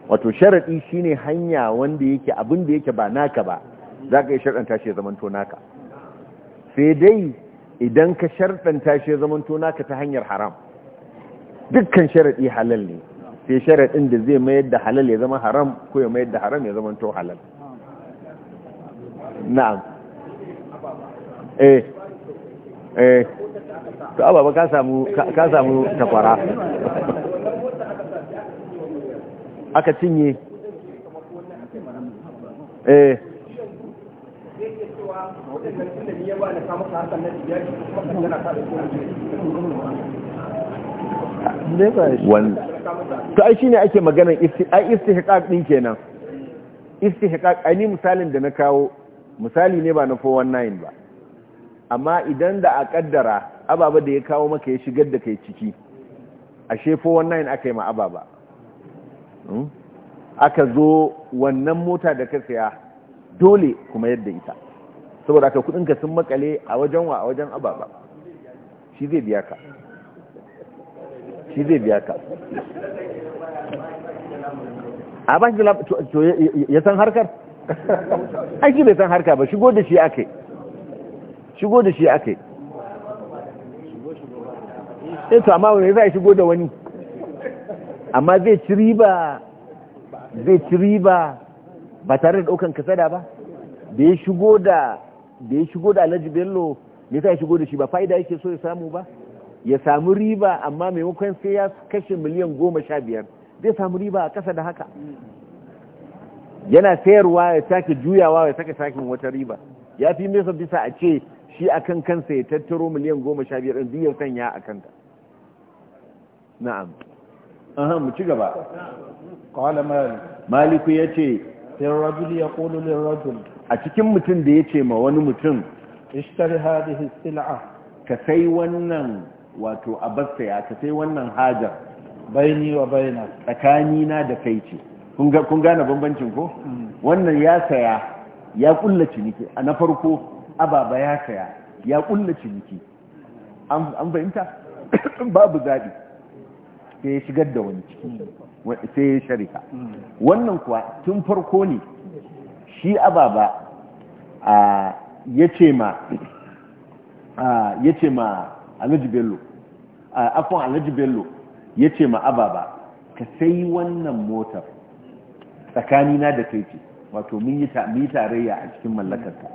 wato sharaɗi shine hanya wanda yake abinda yake ba naka ba za ka yi sharɗanta shi ya zamanto naka sai dai idan ka sharɗanta shi tona ka ta hanyar haram dukkan sharaɗi halal ne sai sharaɗin da zai mayar da halal ya zama haram ko ya mayar da haram ya to halal na'am eh eh to ababa ka samu ka samu takwara aka cinye eh ni to ai shine ake maganar istihqaq din kenan istihqaq ai ni misalin da na kawo misali ne ba na 419 ba amma idan da a kaddara ababa da ya kawo maka ya shigar da kai ciki ashe 419 aka yi ma ababa hmm? aka zo wannan mota da ka saya dole kuma yadda ita saboda aka kudinka sun makale a wajen wa a wajen ababa shi zai biya ka shi zai biya ka a ba shi to ya san harkar ai shi bai san harka ba shigo da shi ake shigo da shi ake sai eh, to amma wani a shigo da wani amma zai ci riba zai ci riba ba tare da ɗaukan kasada ba da ya shigo da da ya shigo da alhaji bello me ya shigo da shi ba fa'ida yake so ya samu ba ya samu riba amma maimakon sai ya kashe miliyan goma sha biyar zai samu riba a ƙasa da haka yana sayarwa ya sake juyawa ya sake sakin wata riba ya fi mesa bisa a ce shi a kan kansa ya tattaro miliyan goma sha biyar ɗin ya sanya a kanta na'am aha mu ci gaba qala malik malik ce sai ya yaqulu lirajul a cikin mutum da ya ce ma wani mutum ishtar hadihi sil'a ka sai wannan wato ya ka sai wannan hajar baini wa baina tsakani na da kai ce kun gane bambancin ko mm. wannan ya saya ya kulla ciniki a na farko ababa ya saya ya kulla ciniki an fahimta babu zaɓi sai ya shigar da wani ciki mm. sai ya sharika mm. wannan kuwa tun farko ne shi ababa ya ce ma ya ce ma alhaji bello afon alhaji bello ya ce ma ababa ka sai wannan motar tsakanina da kai ce wato mun yi tarayya a cikin mallakarta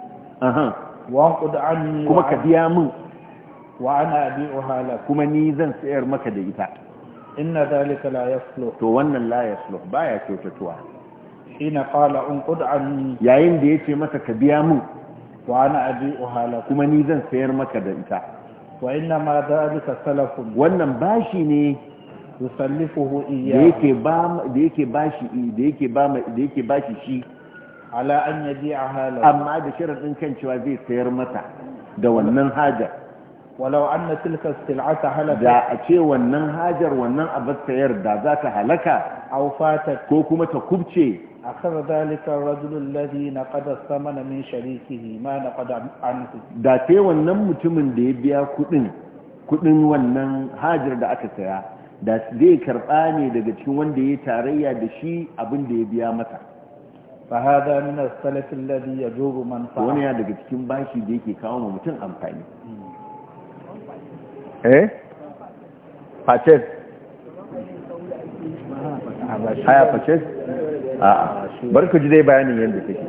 kuma ka biya min wa ana bi ohala kuma ni zan sayar maka da ita inna zalika la yaslu to wannan la yaslu baya kyautatuwa hina qala unqud yayin da yace masa ka biya mun wa ana abi uhala kuma ni zan sayar maka da ita wa inna ma dhalika salafun wannan bashi ne yusallifuhu iyyahu da yake ba da yake bashi da yake ba da yake bashi shi ala an yabi'aha lahu amma da sharadin kan cewa zai sayar mata da wannan hajar walau anna tilka sil'ata halaka da a ce wannan hajar wannan abar sayar da za ta halaka aw fata ko kuma ta kubce أخذ ذلك الرجل الذي نقد الثمن من شريكه ما نقد عنه da sai wannan mutumin da ya biya kudin kudin wannan hajar da aka saya da zai karba ne daga cikin wanda ya tarayya da shi abin da ya biya mata fa hada min as-salaf alladhi yajubu man fa. wani ya daga cikin bashi da yake kawo ma mutum amfani eh purchase haya purchase a'a barka ji dai bayanin yadda take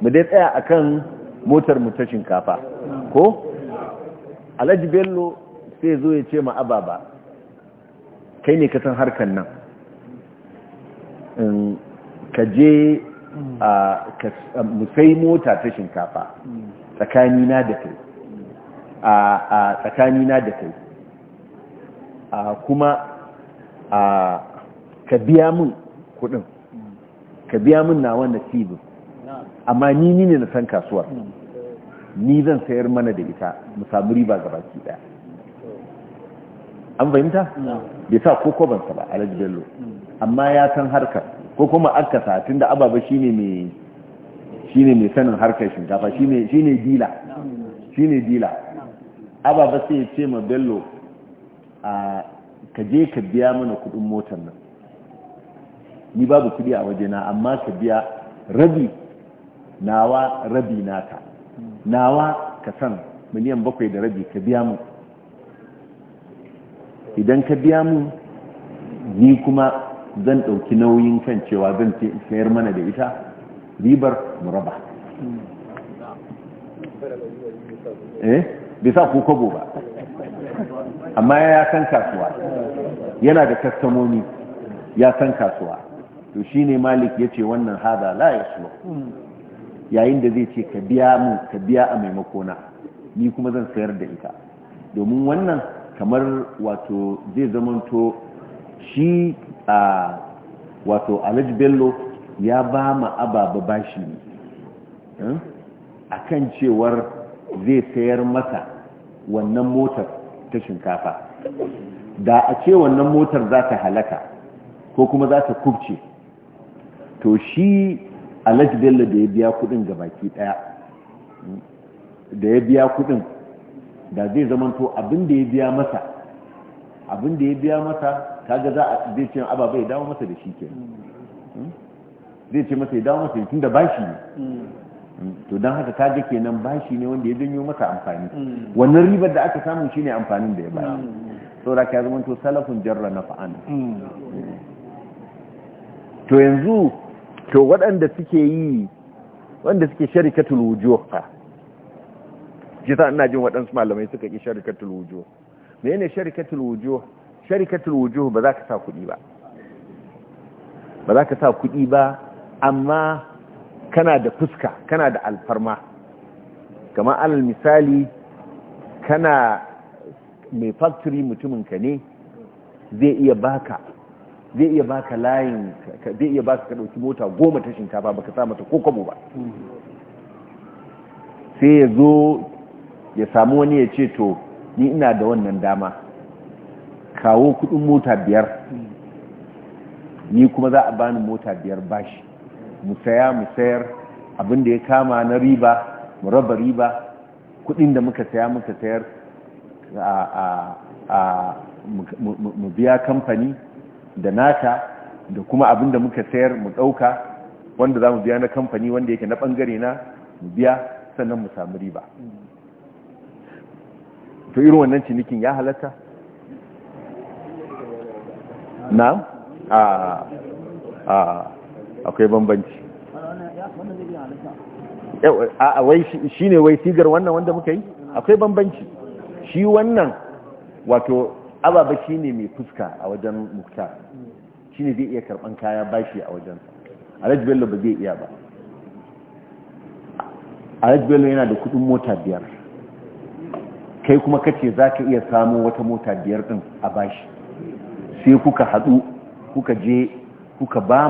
mu dai tsaya akan motar mu ta shinkafa ko alhaji bello sai zo ya ce ma ababa kai ne kasan san harkan nan ka je mu sai mota ta shinkafa tsakanina da kai a tsakanina da kai kuma ka biya mun kudin ka biya min na wannan tibin amma ni ni ne na san kasuwar ni zan sayar mana da ita mu samu riba ga baki daya an fahimta bai sa ko kobansa ba alhaji bello amma ya san harkar ko kuma akasa tunda ababa shine mai shine mai sanin harkar shinkafa shine shine dila shine dila ababa sai ya ce ma bello a ka je ka biya mana kudin motar nan ni babu kuɗi a wajena amma ka biya rabi nawa rabi naka nawa ka san miliyan bakwai da rabi ka biya mu idan ka biya mu ni kuma zan ɗauki nauyin kan cewa zan sayar mana da ita ribar raba eh bai sa ku kogo ba amma ya san kasuwa yana da kastamomi ya san kasuwa to shine malik ya ce wannan hada la ya yayin da zai ce ka biya mu ka biya a maimakona ni kuma zan sayar da ita domin wannan kamar wato zai zamanto shi a wato alhaji bello ya ba ma ababa bashi ne eh, a kan cewar zai sayar masa wannan motar ta shinkafa da a ce wannan motar za ta halaka ko kuma za ta kubce to shi alhaji bello da ya biya kudin ga baki daya da ya biya kudin da zai zamanto abin da ya biya masa abin da ya biya masa kaga za a zai ce ababa ya dawo masa da shi ke zai ce masa ya dawo masa tun da bashi ne to don haka kaga kenan bashi ne wanda ya janyo masa amfani wannan ribar da aka samu shine amfanin da ya bayar saboda ka zama to salafun jarra na fa'ana to yanzu to waɗanda suke yi wanda suke sharikatul wujuh ka shi sa ina jin waɗansu malamai suka ki sharikatul wujuh menene sharikatul wujuh sharikatul wujuh ba za ka sa kuɗi ba ba za ka sa kuɗi ba amma kana da fuska kana da alfarma kamar alal misali kana mai factory mutuminka ne zai iya baka zai iya baka layin zai iya baka ka dauki mota goma ta shinkafa baka sa mata ko kwabo ba sai ya zo ya samu wani ya ce to ni ina da wannan dama kawo kudin mota biyar ni kuma za a bani mota biyar bashi mu saya mu sayar abinda ya kama na riba mu raba riba kudin da muka saya muka sayar a mu biya kamfani da nata da kuma abin da muka sayar mu ɗauka wanda za mu biya na kamfani wanda yake na ɓangare na mu biya sannan mu samu riba to irin wannan cinikin ya halatta na a akwai bambanci a wai shi ne wai sigar wannan wanda muka yi akwai bambanci shi wannan wato ababa shi ne mai fuska a wajen mukta shi ne zai iya karɓan kaya bashi a wajen alhaji bello ba zai iya ba alhaji yana da kudin mota biyar kai kuma kace za ka iya samun wata mota biyar ɗin a bashi sai kuka haɗu kuka je kuka ba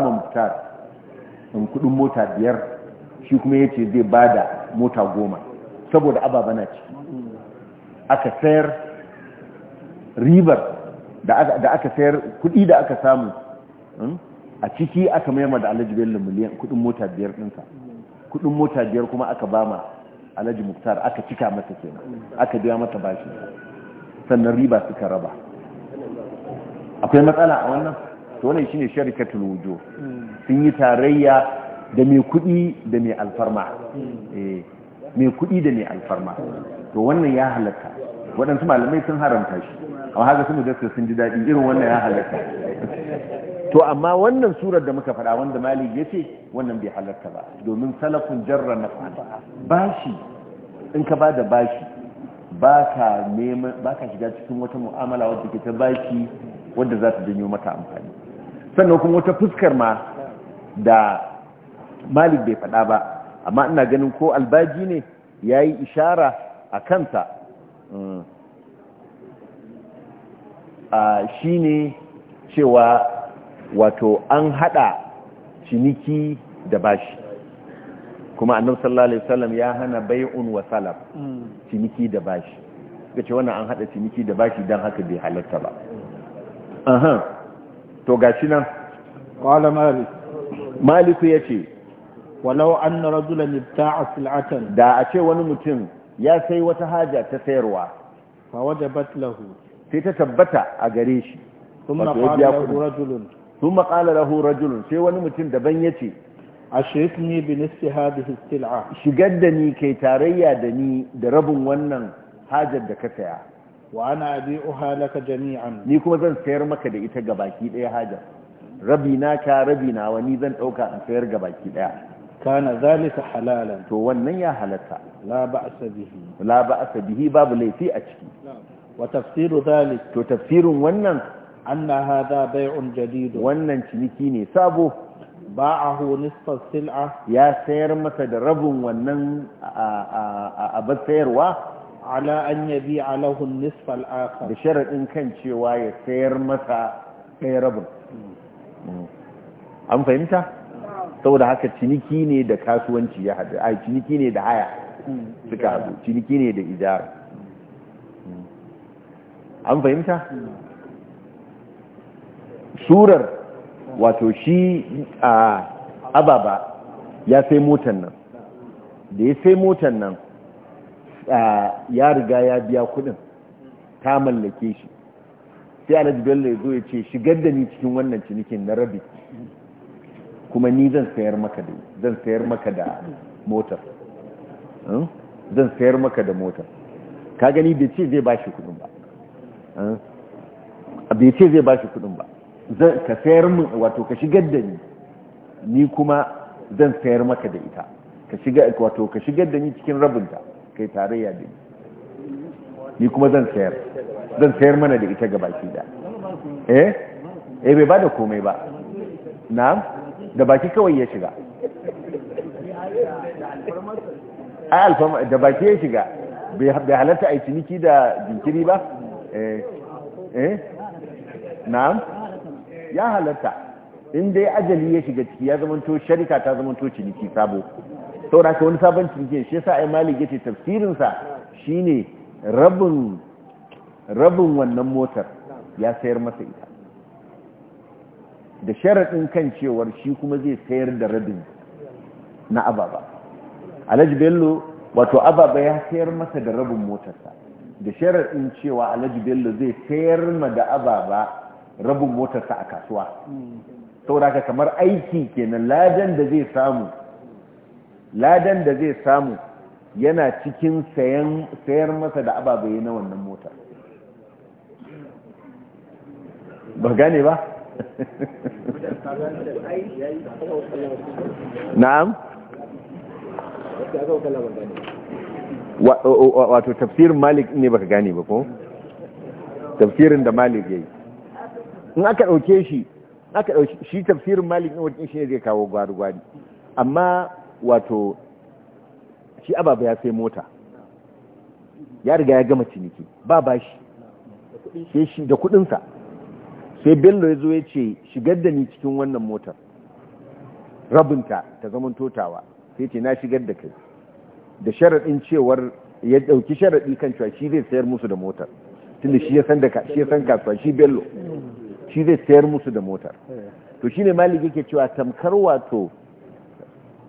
ma muktar in kudin mota biyar shi kuma ya ce zai ba da mota goma saboda ababa na ciki aka sayar ribar da aka sayar kudi da aka samu hmm, a ciki aka maima da alhaji bello miliyan kudin mota biyar dinsa kudin mota biyar kuma aka bama alhaji muktar aka cika masa kenan aka biya masa bashi sannan riba suka raba akwai matsala a wannan to wannan shine sharikatul wujo sun yi tarayya da mai kudi da mai alfarma eh, mai kudi da mai alfarma to wannan ya halatta waɗansu malamai sun haramta shi A haka sun mujassir sun ji daɗi irin wannan ya halatta to amma wannan surar da muka faɗa wanda malik ya ce wannan bai halarta ba domin salafin jarra na bashi in ka ba da bashi ba ka shiga cikin wata mu'amala wadda ke ta bashi wadda za ta janyo maka amfani sannan kuma wata fuskar ma da malik bai faɗa ba amma ina ganin ko albaji ne ya yi ishara a kansa mm, shi ne cewa wato an hada ciniki da bashi kuma annabi sallallahu alaihi wasallam ya hana bai'un wa salaf ciniki da bashi ce wannan an hada ciniki da bashi dan haka bai halarta ba aha to gashi nan qala malik malik yace walau anna rajulan ibta'a sil'atan da a ce wani mutum ya sai wata haja ta sayarwa fa wajabat lahu sai ta tabbata a gare shi sun maƙala lahu rajulun sai wani mutum daban ya ce a shirikni bi nisfi sil'a shigar da ni kai tarayya da ni da rabin wannan hajar da ka saya wa ana abi'uha laka jami'an ni kuma zan sayar maka da ita gabaki daya hajar rabi na ka rabi na wani zan dauka in sayar gabaki daya kana zalika halalan to wannan ya halatta la ba'sa bihi la ba'sa bihi babu laifi a ciki wa tafsiru zalik to tafsirin wannan anna hadha bai'un jadid wannan ciniki ne sabo ba'ahu nisfa sil'a ya sayar masa da rabin wannan abin sayarwa ala an yabi alahu nisfa al-akhar da sharadin kan cewa ya sayar masa ɗaya rabin an fahimta saboda haka ciniki ne da kasuwanci ya haɗu a ciniki ne da haya suka haɗu ciniki ne da ijara an fahimta surar wato shi a ababa ya sai motan nan da ya sai motan nan ya riga ya biya kudin ta mallake shi sai alhaji bello ya zo ya ce shigar da ni cikin wannan cinikin na rabi kuma ni zan sayar maka da zan sayar maka da motar hmm? zan sayar maka da motar ka gani bai ce zai ba shi kudin ba Eh? abin ce zai ba shi kudin ba ka sayar min wato ka shigar da ni ni kuma zan sayar maka da ita ka shiga wato ka shigar da ni cikin rabinta kai tarayya da ni ni kuma zan sayar zan sayar mana da ita gabaki da eh eh bai bada komai ba na'am da baki kawai ya shiga a alfama da baki ya shiga bai halatta a ciniki da jinkiri ba Eh? eh na'am ya halatta in dai ajali ya shiga ciki ya zamanto sharika ta zamanto ciniki sabo saboda ka wani sabon ciniki shi yasa ai malik yace tafsirin sa shine rabin rabin wannan motar ya sayar masa ita da sharaɗin kan cewar shi kuma zai sayar da rabin na ababa alhaji bello wato ababa ya sayar masa da rabin motarsa da sharaɗin cewa alhaji bello zai sayar ma da ababa rabin motarsa a kasuwa sauraka kamar aiki kenan ladan da zai samu ladan da zai samu yana cikin sayar masa da ababai na wannan motar ba gane ba na'am wato tafsirin malik ne baka gane ba ko tafsirin da malik yayi in aka dauke shi aka dauke shi tafsirin malik ne wajen shi ne zai kawo gwari gwari amma wato shi ababa ya sai mota ya riga ya gama ciniki ba bashi sai shi da kudinsa sai bello ya zo ya ce shigar da ni cikin wannan motar rabinta ta zaman totawa sai ce na shigar da kai da sharaɗin cewar ya ɗauki sharaɗi kan cewa shi zai sayar musu da motar tunda shi ya san shi san kasuwa shi bello shi zai sayar musu da motar to shine malik yake cewa tamkar wato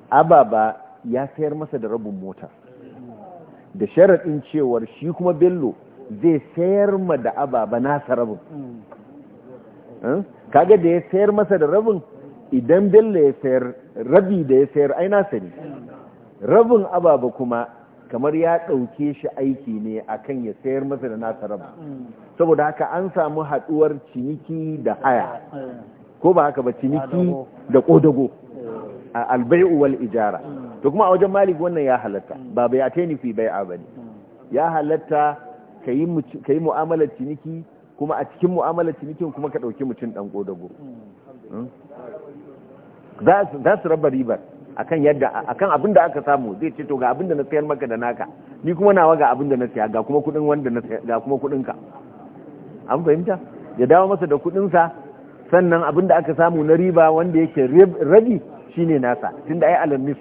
ababa ya sayar masa da rabin mota da sharaɗin cewar shi kuma bello zai sayar ma da ababa nasa rabin hmm? kaga da ya sayar masa da rabin idan bello ya sayar rabi da ya sayar ai nasa ne rabin ababa kuma kamar ya ɗauke shi aiki ne akan ya sayar masa da nasa rabin saboda haka an samu haɗuwar ciniki da haya ko ba haka ba ciniki da ƙodago a albai'u ijara to kuma a wajen malik wannan ya halatta ba bai a fi bai'a ba ya halatta ka yi mu'amalar ciniki kuma a cikin mu'amalar cinikin kuma ka ɗauki mutum ɗan ƙodago hmm? za su raba ribar akan yadda akan abin da aka samu zai ce to ga abin da na sayar maka da naka ni kuma nawa ga abin da na saya ga kuma kudin wanda na ga kuma kudin ka an fahimta ya dawo masa da kudin sa sannan abin da aka samu na riba wanda yake rabi shine nasa tunda ai alal ne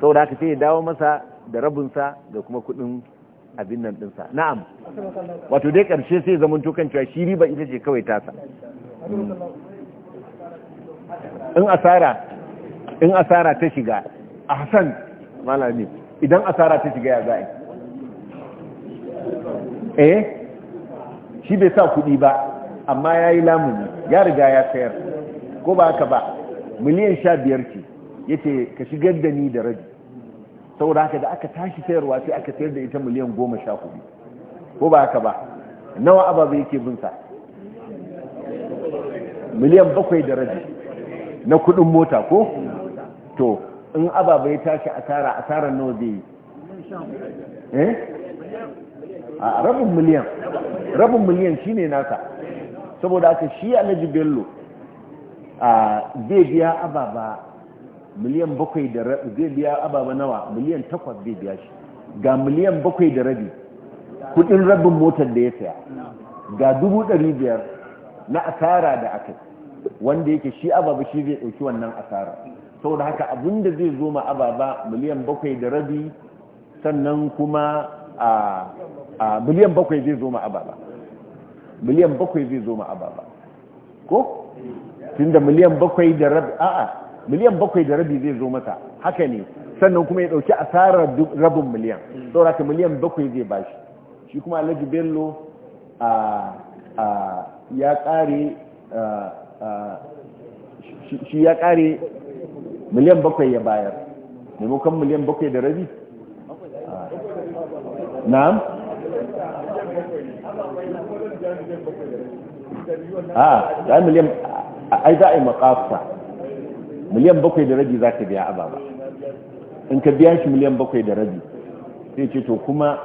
saboda haka sai ya dawo masa da rabin sa da kuma kudin abin nan din sa na'am wato dai karshe sai zaman to kan cewa shi riba ita ce kawai tasa in asara in asara ta shiga a ahsan malami idan asara ta shiga ya za'i eh shi bai sa kuɗi ba amma ya yi lamuni ya riga ya sayar ko ba haka ba miliyan sha biyar ce ya ce ka shigar da ni da rabi saboda haka da aka tashi sayarwa sai aka sayar da ita miliyan goma sha kudi ko ba haka ba nawa ababa yake bunsa miliyan bakwai da rabi na kudin mota ko to in ababa ya tashi asara asara nawa zai yi eh a rabin miliyan rabin miliyan shine nasa saboda aka shi naji bello a zai biya ababa miliyan bakwai da rabi zai biya ababa nawa miliyan takwas zai biya shi ga miliyan bakwai da rabi kudin rabin motar da ya saya ga dubu ɗari biyar na asara da aka wanda yake shi ababa shi zai ɗauki wannan asara saboda haka abin da zai zo ma ababa miliyan bakwai da rabi sannan kuma a miliyan bakwai zai zo ma ababa miliyan bakwai zai zo ma ababa ko tun da miliyan bakwai da rabi a'a miliyan bakwai da rabi zai zo mata haka ne sannan kuma ya dauki asarar rabin miliyan saboda haka miliyan bakwai zai bashi shi kuma alhaji bello ya kare shi ya kare miliyan bakwai ya bayar maimakon miliyan bakwai da rabi na a ah, za miliyan ai za a yi makafsa miliyan bakwai da rabi za ka biya ababa in ka biya shi miliyan bakwai da rabi sai ce to kuma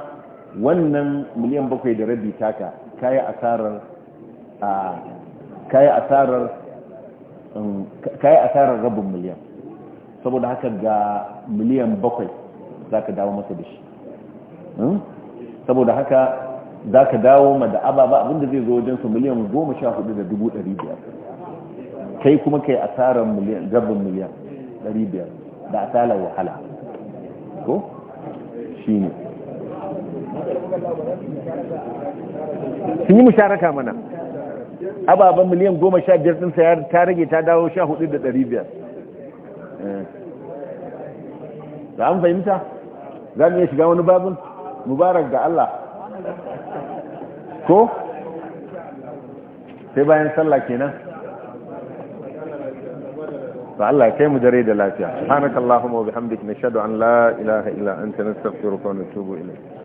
wannan miliyan bakwai da rabi taka kayi asarar ah, kayi um, asarar rabin miliyan saboda haka ga miliyan bakwai za ka dawo masa da shi hmm? saboda haka za ka dawo ma da ababa abinda zai zo wajensu miliyan goma sha hudu da dubu ɗari biyar kai kuma kai asarar miliyan gabin miliyan ɗari biyar da asalar wahala ko shi ne sun yi musharaka mana ababen miliyan goma sha biyar ɗinsa sayar ta rage ta dawo sha hudu da ɗari biyar Eh. da an fahimta za mu iya shiga wani babin mubarak ga Allah ko sai bayan sallah kenan ba Allah kai mu dare da lafiya Allahumma wa bihamdika nashhadu an la ilaha illa anta nastaghfiruka wa natubu ilayk